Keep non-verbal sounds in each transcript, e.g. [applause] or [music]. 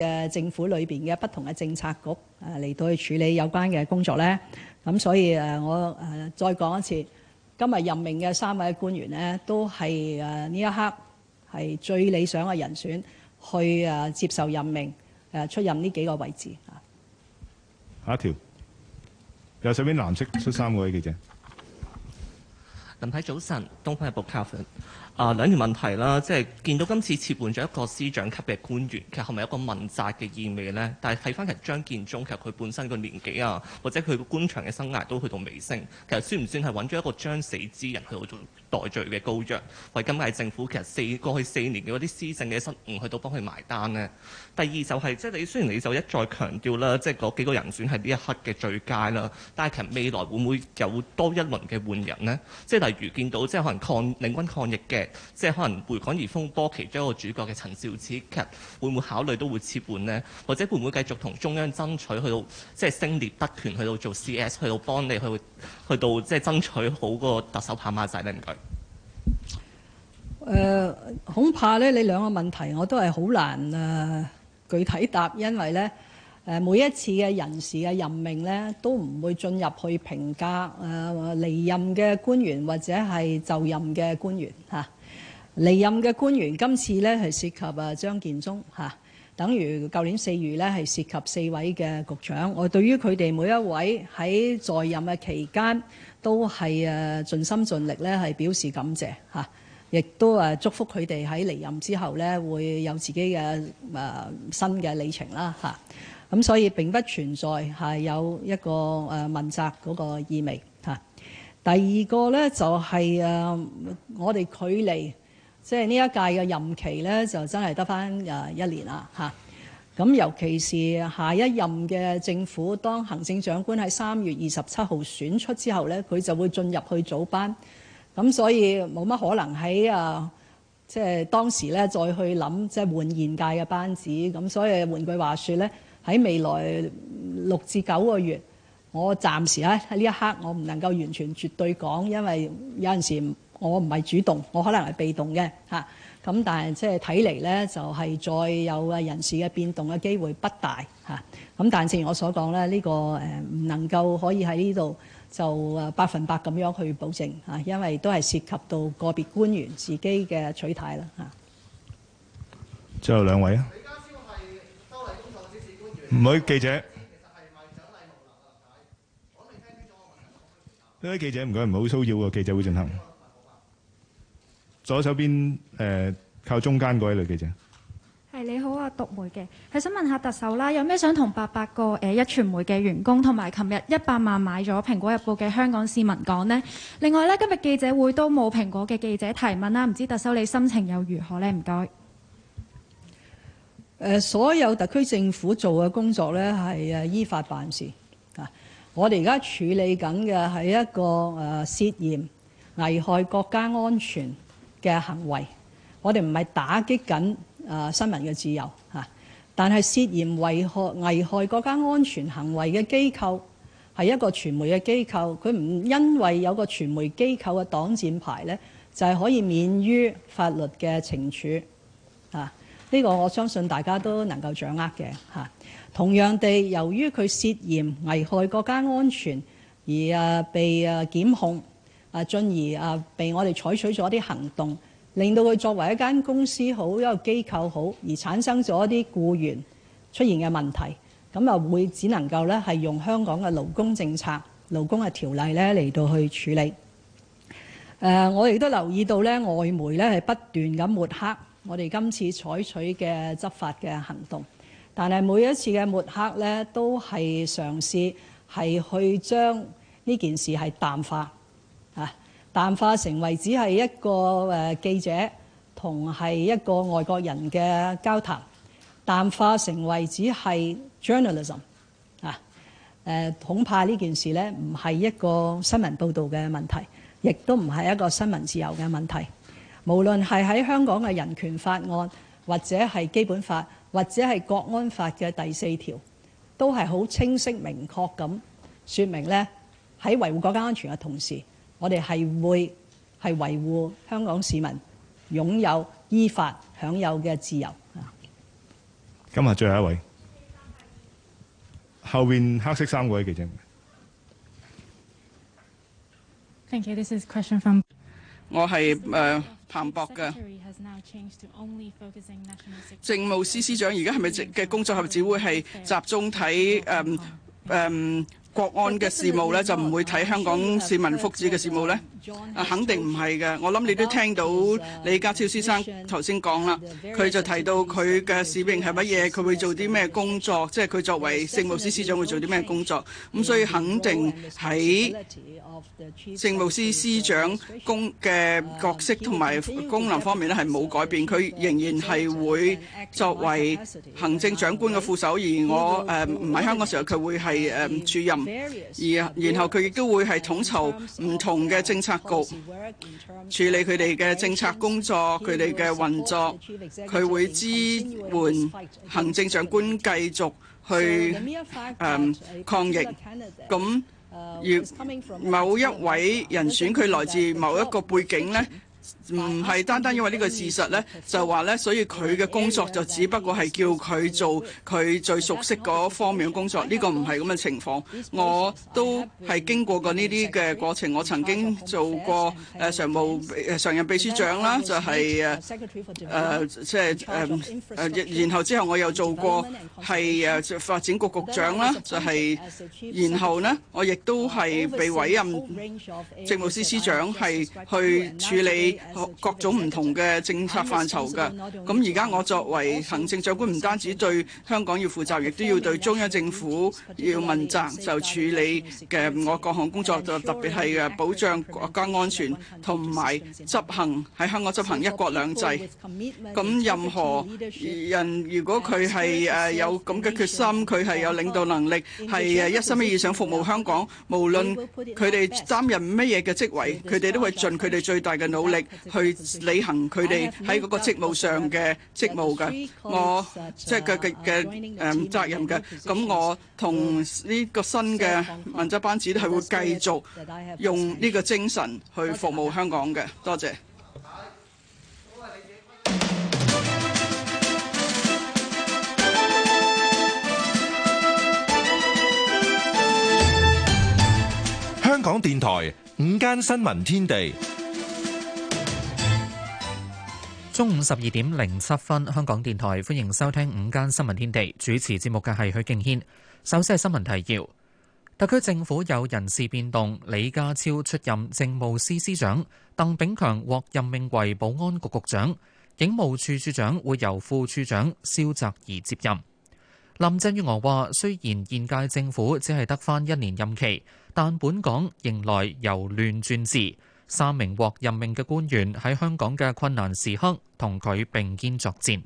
嘅政府裏邊嘅不同嘅政策局誒嚟，到去處理有關嘅工作咧，咁所以誒我誒再講一次，今日任命嘅三位官員呢，都係誒呢一刻係最理想嘅人選去誒接受任命誒出任呢幾個位置。下一條右上面藍色出 [laughs] 三位呢記者，林太早晨，東方日報教授。啊兩條問題啦，即係見到今次撤換咗一個司長級嘅官員，其實係咪一個問責嘅意味咧？但係睇返其實張建宗，其實佢本身個年紀啊，或者佢官場嘅生涯都去到尾聲，其實算唔算係揾咗一個將死之人去做代罪嘅羔羊，為今屆政府其實四過去四年嘅嗰啲施政嘅失誤，去到幫佢埋單呢。第二就係、係、即係你雖然你就一再強調啦，即係嗰幾個人選係呢一刻嘅最佳啦，但係其實未來會唔會有多一輪嘅換人呢？即係例如見到即係可能抗領軍抗疫嘅，即係可能回港易風波其中一個主角嘅陳肇始，其實會唔會考慮都會撤換呢？或者會唔會繼續同中央爭取去到即係升聶德權，去到做 CS，去到幫你去去到，去到即係爭取好個特首跑馬仔選舉？誒、呃、恐怕咧，你兩個問題我都係好難誒、呃、具體答，因為咧誒、呃、每一次嘅人事嘅任命咧，都唔會進入去評價誒離任嘅官員或者係就任嘅官員嚇。離任嘅官員，是的官員、啊、的官員今次咧係涉及啊張建宗，嚇、啊，等於舊年四月咧係涉及四位嘅局長。我對於佢哋每一位喺在，在任嘅期間都係誒盡心盡力咧，係表示感謝嚇。啊亦都誒祝福佢哋喺離任之後呢，會有自己嘅誒新嘅里程啦嚇。咁所以並不存在係有一個誒問責嗰個意味嚇。第二個呢，就係誒我哋距離即係呢一屆嘅任期呢，就真係得翻誒一年啦嚇。咁尤其是下一任嘅政府當行政長官喺三月二十七號選出之後呢，佢就會進入去組班。咁所以冇乜可能喺啊，即係當時咧，再去諗，即係換現屆嘅班子。咁所以換句話說咧，喺未來六至九個月，我暫時喺喺呢一刻，我唔能夠完全絕對講，因為有陣時我唔係主動，我可能係被動嘅嚇。咁但係即係睇嚟咧，就係再有人事嘅變動嘅機會不大嚇。咁但係正如我所講咧，呢個誒唔能夠可以喺呢度，就誒百分百咁樣去保證嚇，因為都係涉及到個別官員自己嘅取態啦嚇。最後兩位啊。李家超係周麗貞做嘅只是官員。唔好意思記者。呢位記者唔該唔好騷擾喎，記者會進行。左手邊誒靠中間嗰位女記者。係你好啊，獨媒嘅，係想問下特首啦，有咩想同八百個誒、欸、一傳媒嘅員工同埋，琴日一百萬買咗蘋果日報嘅香港市民講呢？另外咧，今日記者會都冇蘋果嘅記者提問啦，唔知特首你心情又如何咧？唔該。誒，所有特區政府做嘅工作咧係誒依法辦事啊。我哋而家處理緊嘅係一個誒涉嫌危害國家安全嘅行為，我哋唔係打擊緊。啊！新聞嘅自由嚇、啊，但係涉嫌危害危害國家安全行為嘅機構係一個傳媒嘅機構，佢唔因為有個傳媒機構嘅擋箭牌呢，就係、是、可以免於法律嘅懲處嚇。呢、啊，這個我相信大家都能夠掌握嘅嚇、啊。同樣地，由於佢涉嫌危害國家安全而啊被啊檢控啊，進而啊被我哋採取咗啲行動。令到佢作為一間公司好，一個機構好，而產生咗一啲僱員出現嘅問題，咁啊會只能夠咧係用香港嘅勞工政策、勞工嘅條例咧嚟到去處理。誒，我亦都留意到咧，外媒咧係不斷咁抹黑我哋今次採取嘅執法嘅行動，但係每一次嘅抹黑咧都係嘗試係去將呢件事係淡化。淡化成為只係一個誒記者同係一個外國人嘅交談，淡化成為只係 journalism 啊。恐怕呢件事呢唔係一個新聞報導嘅問題，亦都唔係一個新聞自由嘅問題。無論係喺香港嘅《人權法案》或者係《基本法》，或者係《國安法》嘅第四條，都係好清晰明確咁說明呢，喺維護國家安全嘅同時。我哋係會係維護香港市民擁有依法享有嘅自由。今日最後一位，後面黑色衫嗰位記者。Thank you. This is a question from 我係誒、uh, 彭博嘅。政務司司長而家係咪嘅工作合只會係集中睇誒誒？Um, um, 國安嘅事務呢，就唔會睇香港市民福祉嘅事務呢？啊，肯定唔係嘅。我諗你都聽到李家超先生頭先講啦，佢就提到佢嘅使命係乜嘢，佢會做啲咩工作，即係佢作為政務司司長會做啲咩工作。咁所以肯定喺政務司司長公嘅角色同埋功能方面咧，係冇改變，佢仍然係會作為行政長官嘅副手。而我誒唔喺香港時候，佢會係誒主任，而然後佢亦都會係統籌唔同嘅政策。策局處理佢哋嘅政策工作，佢哋嘅運作，佢會支援行政長官繼續去誒抗疫。咁，而某一位人選佢來自某一個背景咧？唔係單單因為呢個事實咧，就話咧，所以佢嘅工作就只不過係叫佢做佢最熟悉嗰方面嘅工作，呢個唔係咁嘅情況，我都係經過過呢啲嘅過程，我曾經做過誒常務常任秘書長啦，就係誒誒即係誒誒，然後之後我又做過係誒發展局局長啦，就係然後咧，我亦都係被委任政務司司長係去處理。各種唔同嘅政策範疇嘅，咁而家我作為行政長官，唔單止對香港要負責，亦都要對中央政府要問責，就處理嘅我各項工作，就特別係誒保障國家安全同埋執行喺香港執行一國兩制。咁任何人如果佢係誒有咁嘅決心，佢係有領導能力，係誒一心一意想服務香港，無論佢哋擔任乜嘢嘅職位，佢哋都會盡佢哋最大嘅努力。去履行佢哋喺嗰個職務上嘅職務嘅，我即係嘅嘅誒責任嘅。咁我同呢個新嘅問責班子都係會繼續用呢個精神去服務香港嘅。多謝。香港電台午間新聞天地。中午十二點零七分，香港電台歡迎收聽午間新聞天地。主持節目嘅係許敬軒。首先係新聞提要：特區政府有人事變動，李家超出任政務司司長，鄧炳強獲任命為保安局局長，警務處處,處長會由副處長蕭澤頤接任。林鄭月娥話：雖然現屆政府只係得返一年任期，但本港迎來由亂轉治。三名獲任命嘅官員喺香港嘅困難時刻同佢並肩作戰。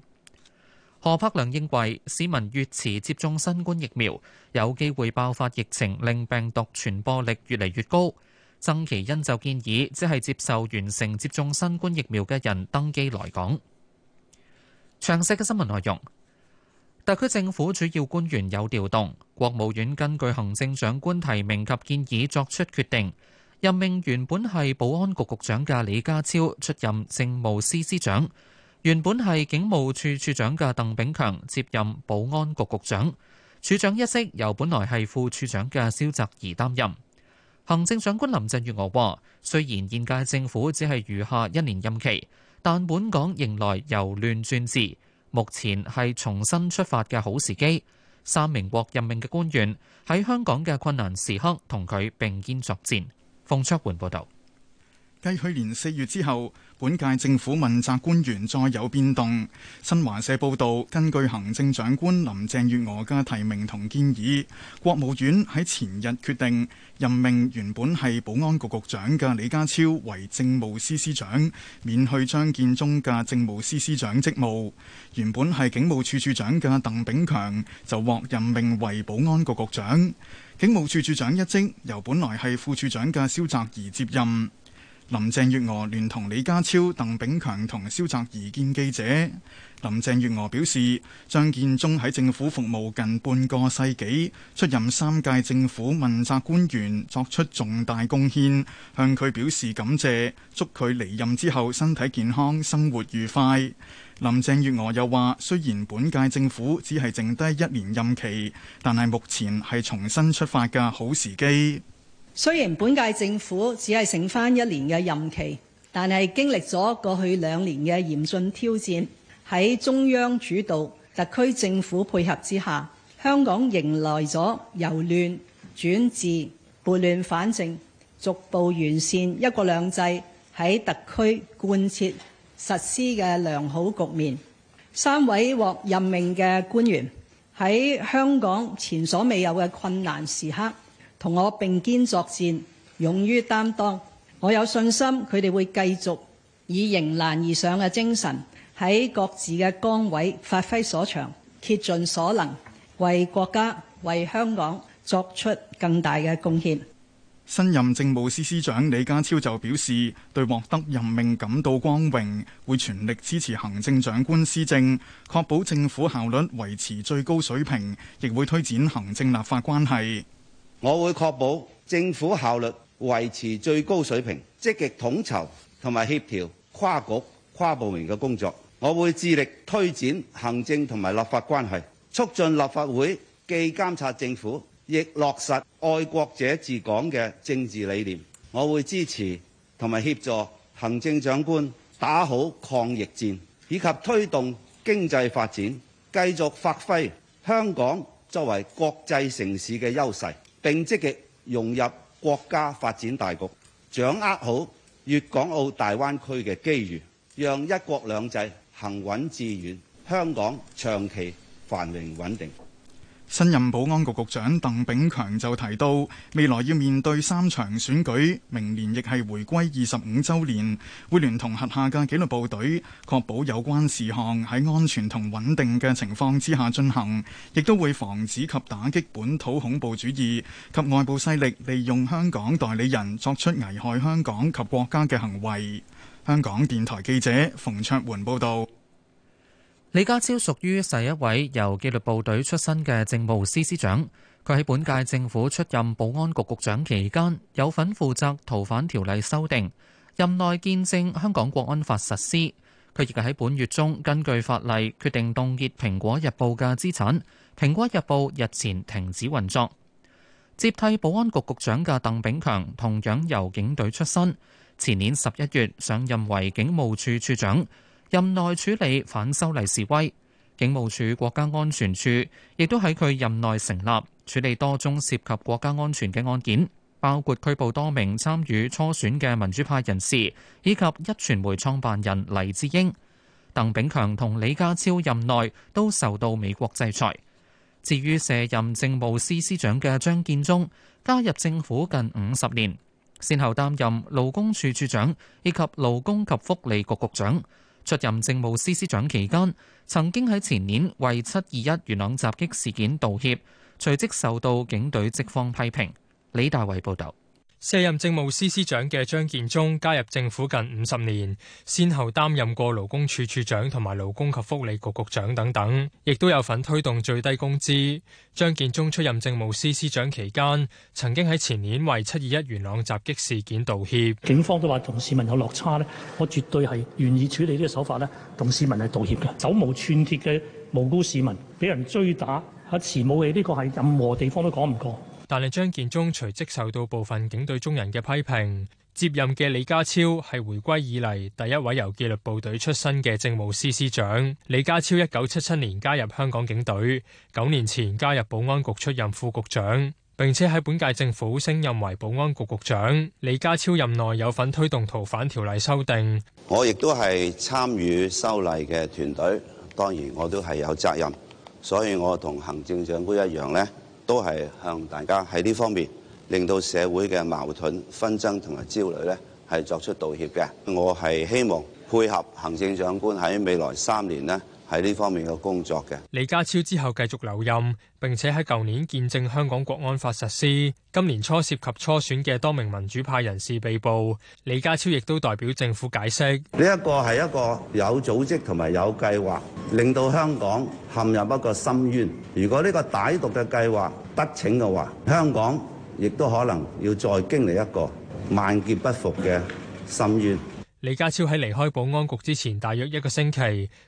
何柏良認為市民越遲接種新冠疫苗，有機會爆發疫情，令病毒傳播力越嚟越高。曾其欣就建議，只係接受完成接種新冠疫苗嘅人登機來港。詳細嘅新聞內容，特區政府主要官員有調動，國務院根據行政長官提名及建議作出決定。任命原本係保安局局長嘅李家超出任政務司司長，原本係警務處處長嘅鄧炳強接任保安局局長，處長一職由本來係副處長嘅蕭澤頤擔任。行政長官林鄭月娥話，雖然現屆政府只係餘下一年任期，但本港迎來由亂轉治，目前係重新出發嘅好時機。三名獲任命嘅官員喺香港嘅困難時刻同佢並肩作戰。方卓桓報道，繼去年四月之後，本屆政府問責官員再有變動。新華社報道，根據行政長官林鄭月娥嘅提名同建議，國務院喺前日決定任命原本係保安局局長嘅李家超為政務司司長，免去張建宗嘅政務司司長職務。原本係警務處處長嘅鄧炳強就獲任命為保安局局長。警務處處長一職由本來係副處長嘅蕭澤頤接任。林鄭月娥聯同李家超、鄧炳強同蕭澤頤見記者。林鄭月娥表示，張建宗喺政府服務近半個世紀，出任三屆政府問責官員，作出重大貢獻，向佢表示感謝，祝佢離任之後身體健康，生活愉快。林鄭月娥又話：雖然本屆政府只係剩低一年任期，但係目前係重新出發嘅好時機。雖然本屆政府只係剩翻一年嘅任期，但係經歷咗過去兩年嘅嚴峻挑戰，喺中央主導、特區政府配合之下，香港迎來咗由亂轉治、撥亂反正，逐步完善一國兩制喺特區貫徹。實施嘅良好局面，三位獲任命嘅官員喺香港前所未有嘅困難時刻，同我並肩作戰，勇於擔當。我有信心佢哋會繼續以迎難而上嘅精神，喺各自嘅崗位發揮所長，竭盡所能，為國家、為香港作出更大嘅貢獻。新任政務司司長李家超就表示，對獲得任命感到光榮，會全力支持行政長官施政，確保政府效率維持最高水平，亦會推展行政立法關係。我會確保政府效率維持最高水平，積極統籌同埋協調跨局跨部門嘅工作。我會致力推展行政同埋立法關係，促進立法會既監察政府。亦落實愛國者治港嘅政治理念，我會支持同埋協助行政長官打好抗疫戰，以及推動經濟發展，繼續發揮香港作為國際城市嘅優勢，並積極融入國家發展大局，掌握好粵港澳大灣區嘅機遇，讓一國兩制行穩致遠，香港長期繁榮穩定。新任保安局局長鄧炳強就提到，未來要面對三場選舉，明年亦係回歸二十五周年，會聯同轄下嘅紀律部隊，確保有關事項喺安全同穩定嘅情況之下進行，亦都會防止及打擊本土恐怖主義及外部勢力利用香港代理人作出危害香港及國家嘅行為。香港電台記者馮卓媛報道。李家超屬於第一位由紀律部隊出身嘅政務司司長，佢喺本屆政府出任保安局局長期間，有份負責逃犯條例修訂，任內見證香港國安法實施。佢亦喺本月中根據法例決定凍結《蘋果日報》嘅資產，《蘋果日報》日前停止運作。接替保安局局長嘅鄧炳強同樣由警隊出身，前年十一月上任為警務處處長。任內處理反修例示威，警務處國家安全處亦都喺佢任內成立，處理多宗涉及國家安全嘅案件，包括拘捕多名參與初選嘅民主派人士，以及一傳媒創辦人黎智英、鄧炳強同李家超任內都受到美國制裁。至於卸任政務司司長嘅張建宗，加入政府近五十年，先後擔任勞工處處長以及勞工及福利局局長。出任政務司司長期間，曾經喺前年為七二一元朗襲擊事件道歉，隨即受到警隊職方批評。李大偉報導。卸任政務司司長嘅張建宗加入政府近五十年，先後擔任過勞工處處長同埋勞工及福利局局長等等，亦都有份推動最低工資。張建宗出任政務司司長期間，曾經喺前年為七二一元朗襲擊事件道歉。警方都話同市民有落差咧，我絕對係願意處理呢個手法咧，同市民係道歉嘅。手無寸鐵嘅無辜市民俾人追打，喺持武器呢個係任何地方都講唔過。但係張建宗隨即受到部分警隊中人嘅批評。接任嘅李家超係回歸以嚟第一位由紀律部隊出身嘅政務司司長。李家超一九七七年加入香港警隊，九年前加入保安局出任副局長，並且喺本屆政府升任為保安局局長。李家超任內有份推動逃犯條例修訂。我亦都係參與修例嘅團隊，當然我都係有責任，所以我同行政長官一樣呢。都係向大家喺呢方面令到社會嘅矛盾、紛爭同埋焦慮呢係作出道歉嘅。我係希望配合行政長官喺未來三年呢。喺呢方面嘅工作嘅。李家超之後繼續留任，並且喺舊年見證香港國安法實施，今年初涉及初選嘅多名民主派人士被捕。李家超亦都代表政府解釋，呢一個係一個有組織同埋有計劃令到香港陷入一個深淵，如果呢個歹毒嘅計劃得逞嘅話，香港亦都可能要再經歷一個萬劫不復嘅深淵。李家超喺離開保安局之前，大約一個星期，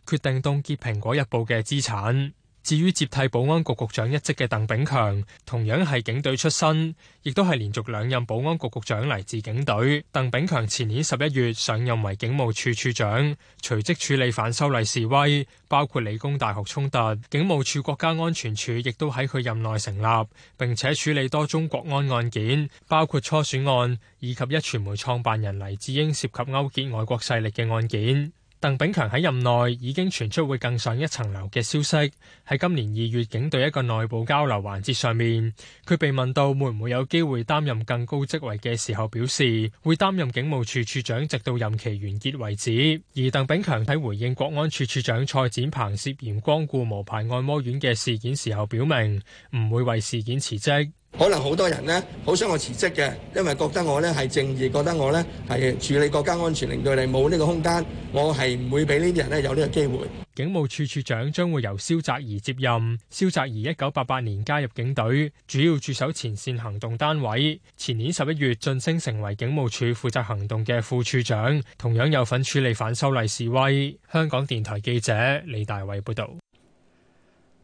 決定凍結《蘋果日報》嘅資產。至於接替保安局局長一職嘅鄧炳強，同樣係警隊出身，亦都係連續兩任保安局局長嚟自警隊。鄧炳強前年十一月上任為警務處處長，隨即處理反修例示威，包括理工大學衝突。警務處國家安全處亦都喺佢任內成立，並且處理多宗國安案件，包括初選案以及壹傳媒創辦人黎智英涉及勾結外國勢力嘅案件。鄧炳強喺任內已經傳出會更上一層樓嘅消息，喺今年二月警隊一個內部交流環節上面，佢被問到會唔會有機會擔任更高職位嘅時候，表示會擔任警務處處長直到任期完結為止。而鄧炳強喺回應國安處處長蔡展鵬涉嫌光顧無牌按摩院嘅事件時候，表明唔會為事件辭職。可能好多人呢，好想我辭職嘅，因為覺得我呢，係正義，覺得我呢，係處理國家安全，令到你冇呢個空間，我係唔會俾呢啲人呢，有呢個機會。警務處處長將會由蕭澤頤接任。蕭澤頤一九八八年加入警隊，主要駐守前綫行動單位。前年十一月晉升成為警務處負責行動嘅副處長，同樣有份處理反修例示威。香港電台記者李大偉報道。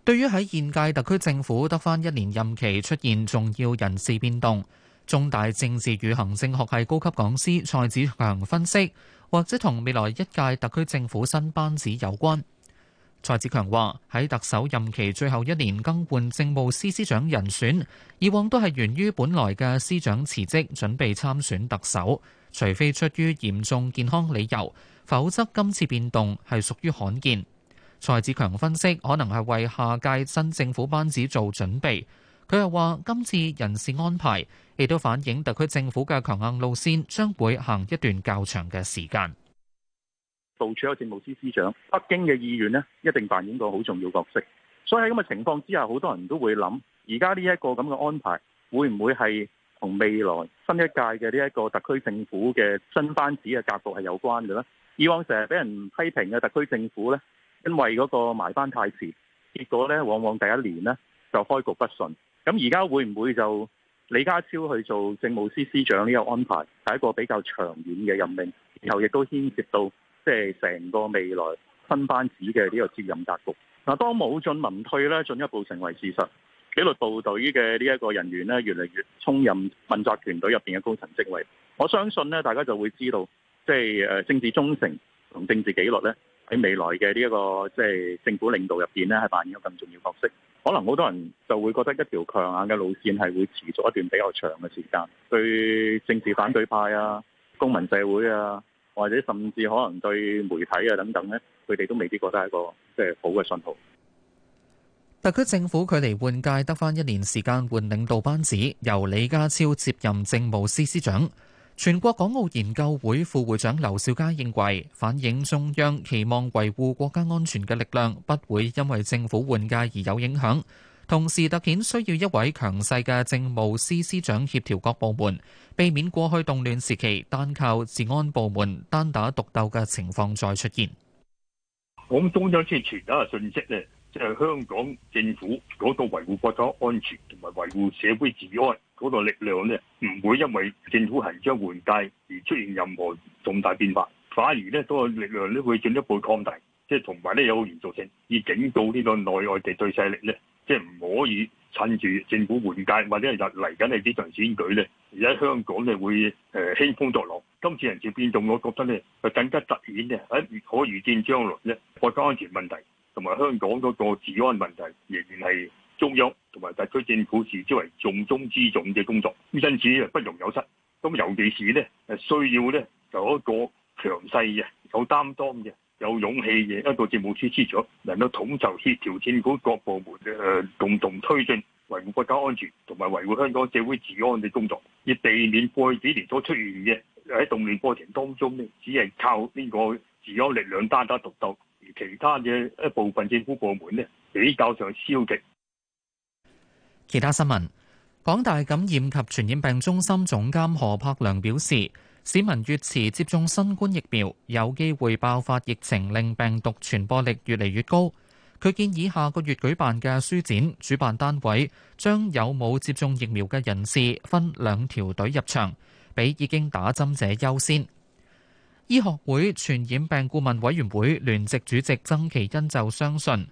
對於喺現屆特區政府得返一年任期出現重要人事變動，中大政治與行政學系高級講師蔡子強分析，或者同未來一屆特區政府新班子有關。蔡子強話：喺特首任期最後一年更換政務司司長人選，以往都係源於本來嘅司長辭職，準備參選特首，除非出於嚴重健康理由，否則今次變動係屬於罕見。蔡志強分析，可能係為下屆新政府班子做準備。佢又話：今次人事安排亦都反映特區政府嘅強硬路線，將會行一段較長嘅時間。部署有政務司司長，北京嘅意願呢，一定扮演個好重要角色。所以喺咁嘅情況之下，好多人都會諗：而家呢一個咁嘅安排，會唔會係同未來新一屆嘅呢一個特區政府嘅新班子嘅架構係有關嘅咧？以往成日俾人批評嘅特區政府咧。因為嗰個埋班太遲，結果咧往往第一年咧就開局不順。咁而家會唔會就李家超去做政務司司長呢個安排，係一個比較長遠嘅任命，然後亦都牽涉到即係成個未來新班子嘅呢個接任格局。嗱，當武進文退咧進一步成為事實，紀律部隊嘅呢一個人員咧，越嚟越充任問責團隊入面嘅高層職位。我相信咧，大家就會知道，即係誒政治忠誠同政治紀律咧。喺未來嘅呢一個即係政府領導入面，咧，係扮演咗更重要角色。可能好多人就會覺得一條強硬嘅路線係會持續一段比較長嘅時間，對政治反對派啊、公民社會啊，或者甚至可能對媒體啊等等咧，佢哋都未必覺得係個即係好嘅信號。特區政府距離換屆得翻一年時間，換領導班子，由李家超接任政務司司長。全國港澳研究會副會長劉兆佳認為，反映中央期望維護國家安全嘅力量不會因為政府換屆而有影響。同時，特顯需要一位強勢嘅政務司司長協調各部門，避免過去動亂時期單靠治安部門單打獨鬥嘅情況再出現。我諗中央之前有一個訊息呢，即係香港政府嗰度維護國家安全同埋維護社會治安。嗰、那個力量咧，唔會因為政府行將緩界而出現任何重大變化，反而咧，嗰、那個力量咧會進一步擴大，即係同埋咧有預造性，以警告呢個內外地對勢力咧，即係唔可以趁住政府緩界，或者係嚟緊係啲人選舉咧，而喺香港呢，會、呃、輕風作浪。今次人事變動，我覺得咧係更加突顯嘅，喺可預見將來咧國家安全問題同埋香港嗰個治安問題仍然係。中央同埋特區政府視之為重中之重嘅工作，因此不容有失。咁尤其是咧，需要咧有一個強勢嘅、有擔當嘅、有勇氣嘅一個政務處處長，能夠統籌協調政府各部門誒，共同推進維護國家安全同埋維護香港社會治安嘅工作，以避免過去幾年所出現嘅喺動亂過程當中咧，只係靠呢個治安力量單打獨鬥，而其他嘅一部分政府部門咧比較上消極。其他新聞，港大感染及傳染病中心總監何柏良表示，市民越遲接種新冠疫苗，有機會爆發疫情，令病毒傳播力越嚟越高。佢建議下個月舉辦嘅書展，主辦單位將有冇接種疫苗嘅人士分兩條隊入場，畀已經打針者優先。醫學會傳染病顧問委員會聯席主席曾其恩就相信。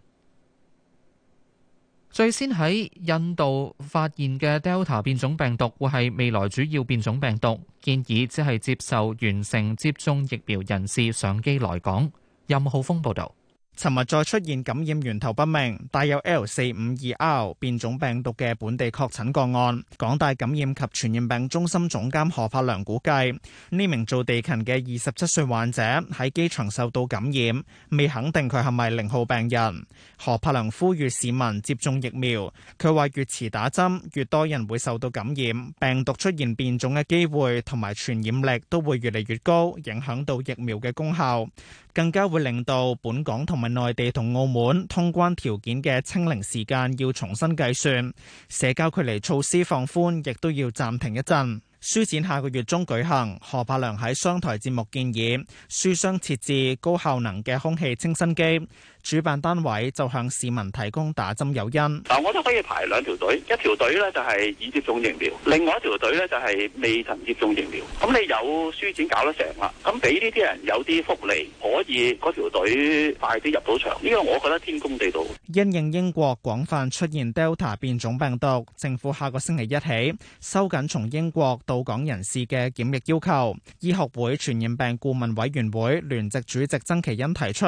最先喺印度發現嘅 Delta 變種病毒，會係未來主要變種病毒。建議只係接受完成接種疫苗人士上機來港。任浩峰報道。尋日再出現感染源頭不明，帶有 L 四五二 R 變種病毒嘅本地確診個案。港大感染及傳染病中心總監何柏良估計，呢名做地勤嘅二十七歲患者喺機場受到感染，未肯定佢係咪零號病人。何柏良呼籲市民接種疫苗。佢話越遲打針，越多人會受到感染，病毒出現變種嘅機會同埋傳染力都會越嚟越高，影響到疫苗嘅功效。更加會令到本港同埋內地同澳門通關條件嘅清零時間要重新計算，社交距離措施放寬亦都要暫停一陣。書展下個月中舉行，何柏良喺商台節目建議書商設置高效能嘅空氣清新機。主辦單位就向市民提供打針誘因。嗱，我都可以排兩條隊，一條隊呢就係已接種疫苗，另外一條隊呢就係未曾接種疫苗。咁你有書展搞得成啦，咁俾呢啲人有啲福利，可以嗰條隊快啲入到場。呢個我覺得天公地道。因應英國廣泛出現 Delta 變種病毒，政府下個星期一起收緊從英國到港人士嘅檢疫要求。醫學會傳染病顧問委員會聯席主席曾祈殷提出，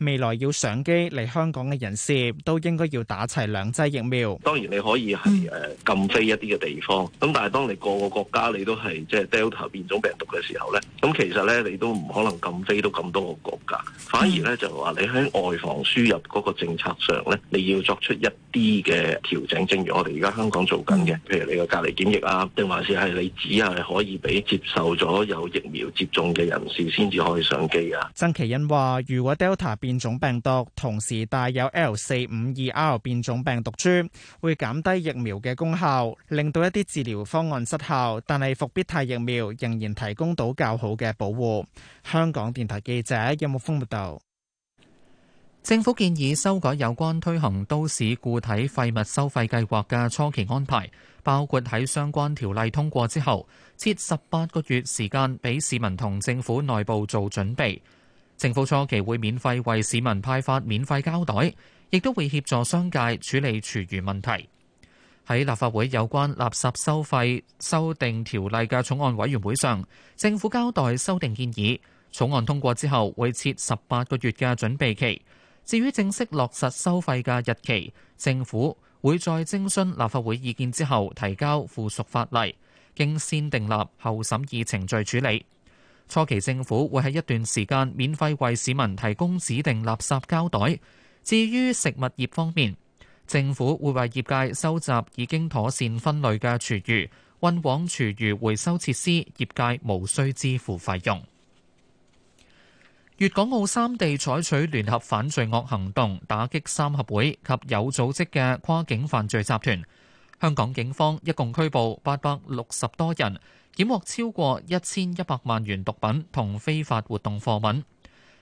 未來要上。上機嚟香港嘅人士都應該要打齊兩劑疫苗。當然你可以係誒、嗯、禁飛一啲嘅地方，咁但係當你個個國家你都係即係 Delta 變種病毒嘅時候咧，咁其實咧你都唔可能禁飛到咁多個國家，反而咧就話你喺外防輸入嗰個政策上咧，你要作出一啲嘅調整。正如我哋而家香港做緊嘅，譬如你嘅隔離檢疫啊，定還是係你只係可以俾接受咗有疫苗接種嘅人士先至可以上機啊。曾祈殷話：如果 Delta 變種病毒，同時帶有 L 四五二 R 變種病毒株，會減低疫苗嘅功效，令到一啲治療方案失效。但係復必泰疫苗仍然提供到較好嘅保護。香港電台記者任木峰報道。政府建議修改有關推行都市固體廢物收費計劃嘅初期安排，包括喺相關條例通過之後，設十八個月時間俾市民同政府內部做準備。政府初期會免費為市民派發免費膠袋，亦都會協助商界處理廚餘問題。喺立法會有關垃圾收費修訂條例嘅草案委員會上，政府交代修訂建議，草案通過之後會設十八個月嘅準備期。至於正式落實收費嘅日期，政府會再徵詢立法會意見之後提交附屬法例，經先訂立後審議程序處理。初期政府會喺一段時間免費為市民提供指定垃圾膠袋。至於食物業方面，政府會為業界收集已經妥善分類嘅廚餘，運往廚餘回收設施，業界無需支付費用。粵港澳三地採取聯合反罪惡行動，打擊三合會及有組織嘅跨境犯罪集團。香港警方一共拘捕八百六十多人。檢獲超過一千一百萬元毒品同非法活動貨物。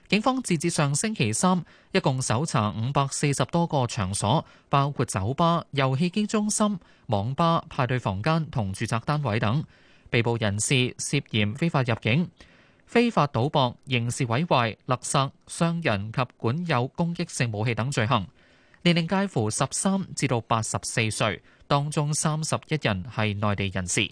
警方截至上星期三一共搜查五百四十多個場所，包括酒吧、遊戲機中心、網吧、派對房間同住宅單位等。被捕人士涉嫌非法入境、非法賭博、刑事毀壞、勒殺、傷人及管有攻擊性武器等罪行，年齡介乎十三至到八十四歲，當中三十一人係內地人士。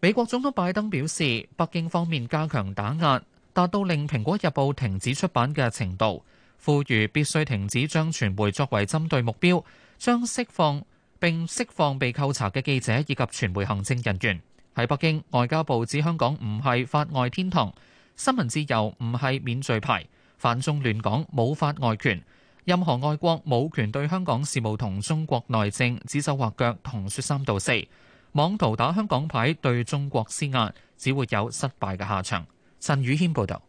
美國總統拜登表示，北京方面加強打壓，達到令《蘋果日報》停止出版嘅程度。呼籲必須停止將傳媒作為針對目標，將釋放並釋放被扣查嘅記者以及傳媒行政人員。喺北京，外交部指香港唔係法外天堂，新聞自由唔係免罪牌，反中亂港冇法外權，任何外國冇權對香港事務同中國內政指手畫腳同說三道四。妄圖打香港牌對中國施壓，只會有失敗嘅下場，陳宇謙報道。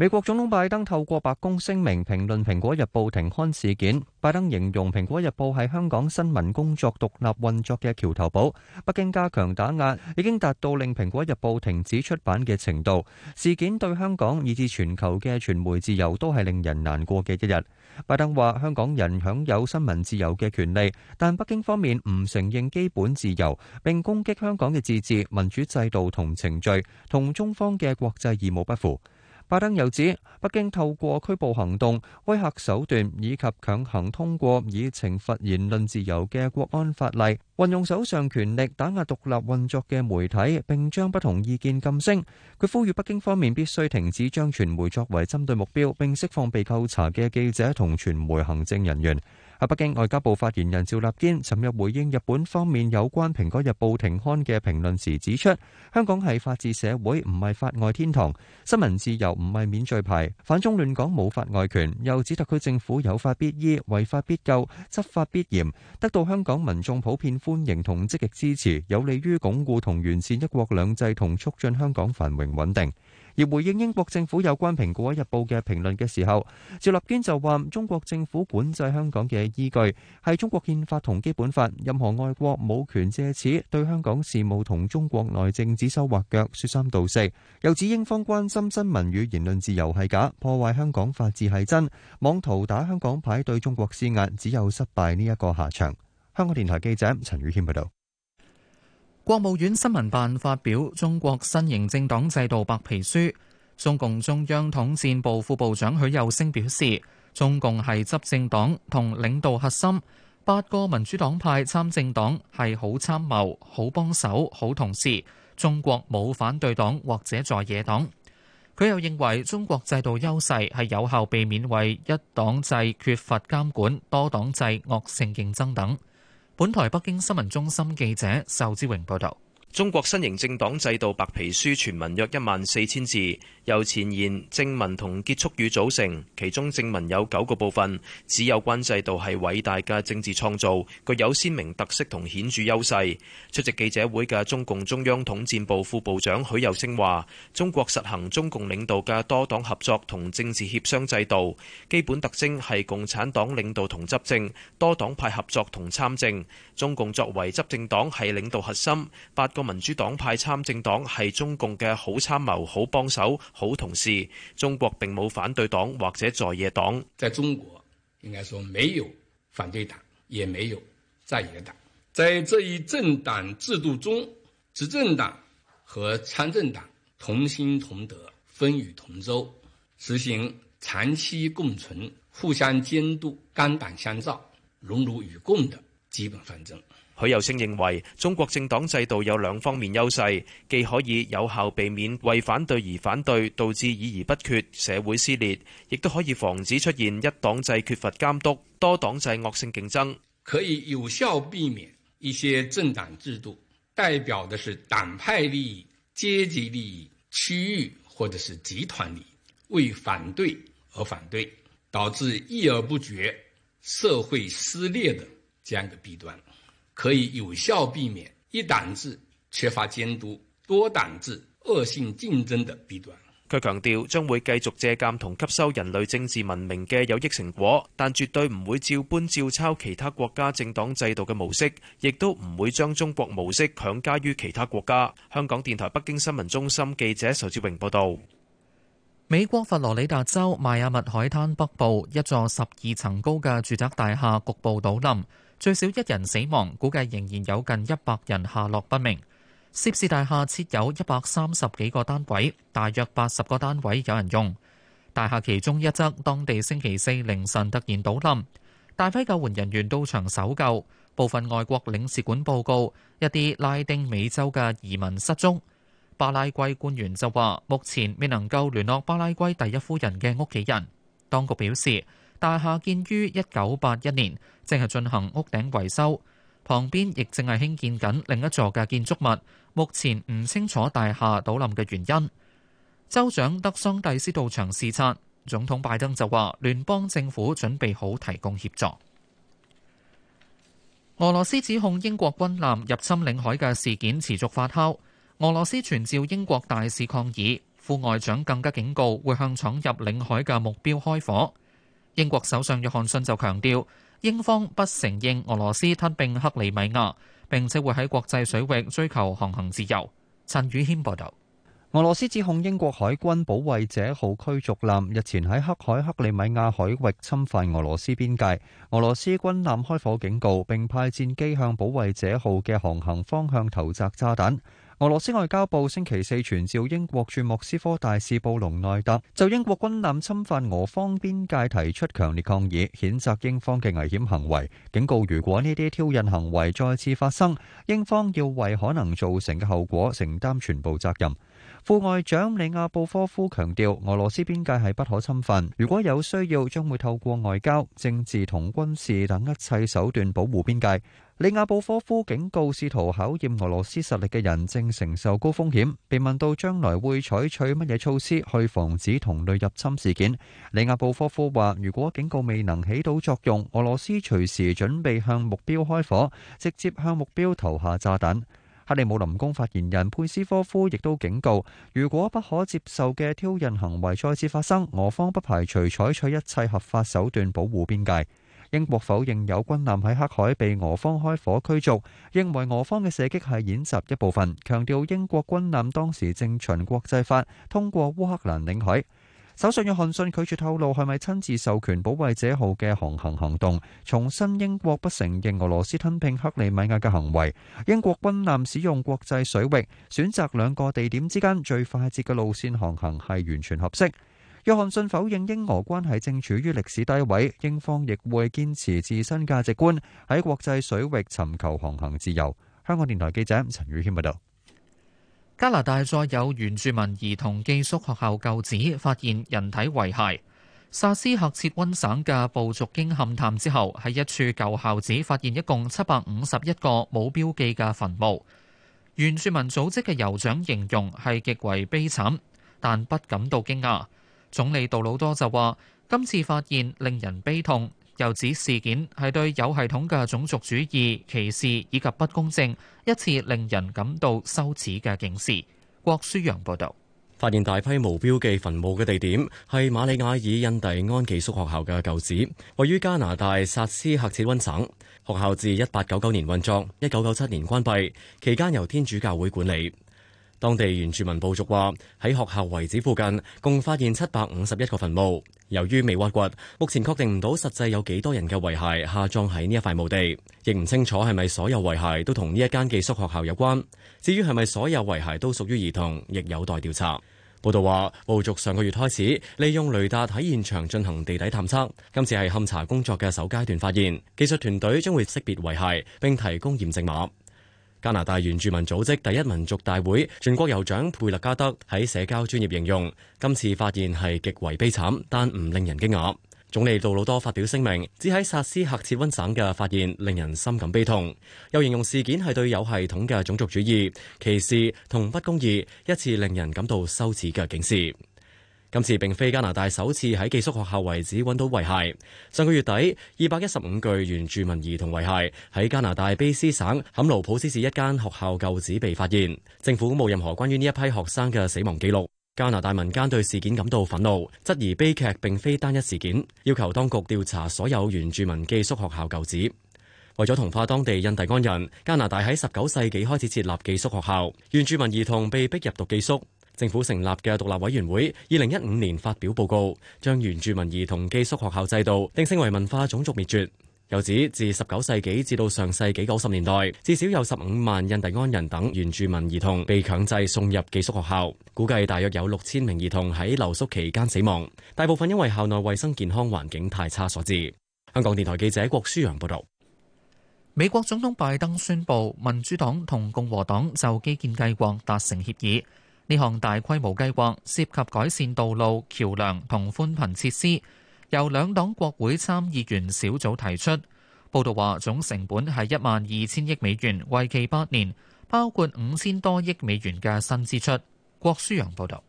美國總統拜登透過白宮聲明評論《蘋果日報》停刊事件。拜登形容《蘋果日報》係香港新聞工作獨立運作嘅橋頭堡。北京加強打壓已經達到令《蘋果日報》停止出版嘅程度。事件對香港以至全球嘅傳媒自由都係令人難過嘅一日。拜登話香港人享有新聞自由嘅權利，但北京方面唔承認基本自由，並攻擊香港嘅自治、民主制度同程序，同中方嘅國際義務不符。拜登又指，北京透過拘捕行動、威嚇手段以及強行通過以懲罰言論自由嘅國安法例，運用手上權力打壓獨立運作嘅媒體，並將不同意見噤聲。佢呼籲北京方面必須停止將傳媒作為針對目標，並釋放被扣查嘅記者同傳媒行政人員。喺北京，外交部發言人趙立堅尋日回應日本方面有關《蘋果日報》停刊嘅評論時指出，香港係法治社會，唔係法外天堂；新聞自由唔係免罪牌，反中亂港冇法外權。又指特區政府有法必依、違法必究、執法必嚴，得到香港民眾普遍歡迎同積極支持，有利於鞏固同完善一國兩制，同促進香港繁榮穩定。而回應英國政府有關《蘋果日報》嘅評論嘅時候，趙立堅就話：中國政府管制香港嘅依據係中國憲法同基本法，任何外國冇權藉此對香港事務同中國內政指手畫腳、説三道四。又指英方關心新聞與言論自由係假，破壞香港法治係真，妄圖打香港牌對中國施壓，只有失敗呢一個下場。香港電台記者陳宇軒報道。國務院新聞辦發表《中國新型政黨制度白皮書》，中共中央統戰部副部長許又聲表示，中共係執政黨同領導核心，八個民主黨派參政黨係好參謀、好幫手、好同事。中國冇反對黨或者在野黨。佢又認為，中國制度優勢係有效避免為一黨制缺乏監管、多黨制惡性競爭等。本台北京新聞中心記者壽志榮報道。中國新型政黨制度白皮書全文約一萬四千字，由前言、正文同結束語組成。其中正文有九個部分，指有關制度係偉大嘅政治創造，具有鮮明特色同顯著優勢。出席記者會嘅中共中央統戰部副部長許又聲話：中國實行中共領導嘅多黨合作同政治協商制度，基本特徵係共產黨領導同執政，多黨派合作同參政。中共作為執政黨係領導核心。八。民主黨派參政黨係中共嘅好參謀、好幫手、好同事。中國並冇反對黨或者在野黨。在中國應該說沒有反對黨，也沒有在野黨。在這一政黨制度中，執政黨和參政黨同心同德、風雨同舟，實行長期共存、互相監督、肝膽相照、榮辱與共的基本方針。許又聲認為，中國政黨制度有兩方面優勢，既可以有效避免為反對而反對，導致議而不決、社會撕裂，亦都可以防止出現一黨制缺乏監督、多黨制惡性競爭，可以有效避免一些政黨制度代表的是黨派利益、階級利益、區域或者是集團利益，為反對而反對，導致議而不決、社會撕裂的這樣一個弊端。可以有效避免一黨制缺乏監督、多黨制惡性競爭的弊端。佢強調將會繼續借鑑同吸收人類政治文明嘅有益成果，但絕對唔會照搬照抄其他國家政黨制度嘅模式，亦都唔會將中國模式強加於其他國家。香港電台北京新聞中心記者仇志榮報道。美國佛羅里達州邁阿密海灘北部一座十二層高嘅住宅大廈局部倒冧。最少一人死亡，估計仍然有近一百人下落不明。涉事大廈設有一百三十幾個單位，大約八十個單位有人用。大廈其中一側，當地星期四凌晨突然倒冧，大批救援人員到場搜救。部分外國領事館報告一啲拉丁美洲嘅移民失蹤。巴拉圭官員就話，目前未能夠聯絡巴拉圭第一夫人嘅屋企人。當局表示。大廈建於一九八一年，正係進行屋頂維修。旁邊亦正係興建緊另一座嘅建築物。目前唔清楚大廈倒冧嘅原因。州長德桑蒂斯到場視察，總統拜登就話：聯邦政府準備好提供協助。俄羅斯指控英國軍艦入侵領海嘅事件持續發酵，俄羅斯傳召英國大使抗議，副外長更加警告會向闖入領海嘅目標開火。英國首相約翰遜就強調，英方不承認俄羅斯吞併克里米亞，並且會喺國際水域追求航行自由。陳宇軒報道，俄羅斯指控英國海軍保衛者號驅逐艦日前喺黑海克里米亞海域侵犯俄羅斯邊界，俄羅斯軍艦開火警告，並派戰機向保衛者號嘅航行方向投擲炸彈。俄羅斯外交部星期四傳召英國駐莫斯科大使布隆內特，就英國軍艦侵犯俄方邊界提出強烈抗議，譴責英方嘅危險行為，警告如果呢啲挑釁行為再次發生，英方要為可能造成嘅後果承擔全部責任。副外長里亞布科夫強調，俄羅斯邊界係不可侵犯，如果有需要，將會透過外交、政治同軍事等一切手段保護邊界。利亞布科夫警告試圖考驗俄羅斯實力嘅人正承受高風險。被問到將來會採取乜嘢措施去防止同類入侵事件，利亞布科夫話：如果警告未能起到作用，俄羅斯隨時準備向目標開火，直接向目標投下炸彈。克里姆林宮發言人佩斯科夫亦都警告：如果不可接受嘅挑釁行為再次發生，俄方不排除採取一切合法手段保護邊界。英國否認有軍艦喺黑海被俄方開火驅逐，認為俄方嘅射擊係演習一部分。強調英國軍艦當時正循國際法通過烏克蘭領海。首相約翰遜拒絕透露係咪親自授權“保衛者號”嘅航行行動。重申英國不承認俄羅斯吞併克里米亞嘅行為。英國軍艦使用國際水域，選擇兩個地點之間最快捷嘅路線航行係完全合適。約翰遜否認英俄關係正處於歷史低位，英方亦會堅持自身價值觀，喺國際水域尋求航行自由。香港電台記者陳宇謙報道。加拿大再有原住民兒童寄宿學校舊址發現人體遺骸。薩斯喀徹溫省嘅部族經勘探之後，喺一處舊校址發現一共七百五十一個冇標記嘅墳墓。原住民組織嘅酋長形容係極為悲慘，但不感到驚訝。總理杜魯多就話：今次發現令人悲痛，又指事件係對有系統嘅種族主義、歧視以及不公正，一次令人感到羞恥嘅警示。郭舒揚報導，發現大批無標記墳墓嘅地點係馬里亞爾印第安寄宿學校嘅舊址，位於加拿大薩斯喀徹溫省。學校自一八九九年運作，一九九七年關閉，期間由天主教會管理。當地原住民部族話：喺學校遺址附近共發現七百五十一個墳墓。由於未挖掘，目前確定唔到實際有幾多人嘅遺骸下葬喺呢一塊墓地，亦唔清楚係咪所有遺骸都同呢一間寄宿學校有關。至於係咪所有遺骸都屬於兒童，亦有待調查。報道話，部族上個月開始利用雷達喺現場進行地底探測，今次係勘查工作嘅首階段發現。技術團隊將會識別遺骸並提供驗證碼。加拿大原住民組織第一民族大會全國酋長佩勒加德喺社交專業形容今次發現係極為悲慘，但唔令人驚訝。總理杜魯多發表聲明，指喺薩斯喀徹溫省嘅發現令人心感悲痛，又形容事件係對有系統嘅種族主義歧視同不公義一次令人感到羞恥嘅警示。今次並非加拿大首次喺寄宿學校遺址揾到遺骸。上個月底，二百一十五具原住民兒童遺骸喺加拿大卑斯省坎勞普斯市一間學校舊址被發現，政府冇任何關於呢一批學生嘅死亡記錄。加拿大民間對事件感到憤怒，質疑悲劇並非單一事件，要求當局調查所有原住民寄宿學校舊址。為咗同化當地印第安人，加拿大喺十九世紀開始設立寄宿學校，原住民兒童被逼入讀寄宿。政府成立嘅獨立委員會，二零一五年發表報告，將原住民兒童寄宿學校制度定性為文化種族滅絕。又指，自十九世紀至到上世紀九十年代，至少有十五萬印第安人等原住民兒童被強制送入寄宿學校，估計大約有六千名兒童喺留宿期間死亡，大部分因為校內衞生健康環境太差所致。香港電台記者郭舒揚報導。美國總統拜登宣布，民主黨同共和黨就基建計劃達成協議。呢項大規模計劃涉及改善道路、橋梁同寬頻設施，由兩黨國會參議員小組提出。報道話總成本係一萬二千億美元，為期八年，包括五千多億美元嘅新支出。郭舒揚報導。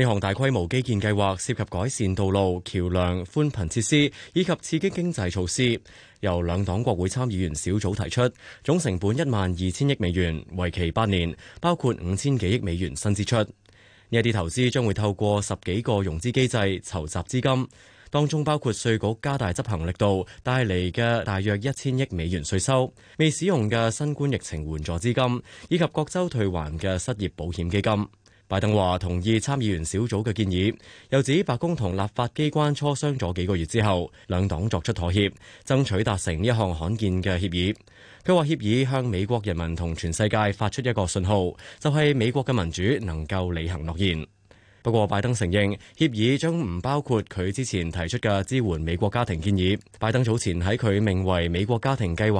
呢項大規模基建計劃涉及改善道路、橋梁、寬頻設施以及刺激經濟措施，由兩黨國會參議員小組提出，總成本一萬二千億美元，為期八年，包括五千幾億美元新支出。呢一啲投資將會透過十幾個融資機制籌集資金，當中包括稅局加大執行力度帶嚟嘅大約一千億美元稅收、未使用嘅新冠疫情援助資金以及各州退還嘅失業保險基金。拜登話同意參議員小組嘅建議，又指白宮同立法機關磋商咗幾個月之後，兩黨作出妥協，爭取達成一項罕見嘅協議。佢話協議向美國人民同全世界發出一個信號，就係、是、美國嘅民主能夠履行諾言。不過拜登承認，協議將唔包括佢之前提出嘅支援美國家庭建議。拜登早前喺佢名為美國家庭計劃。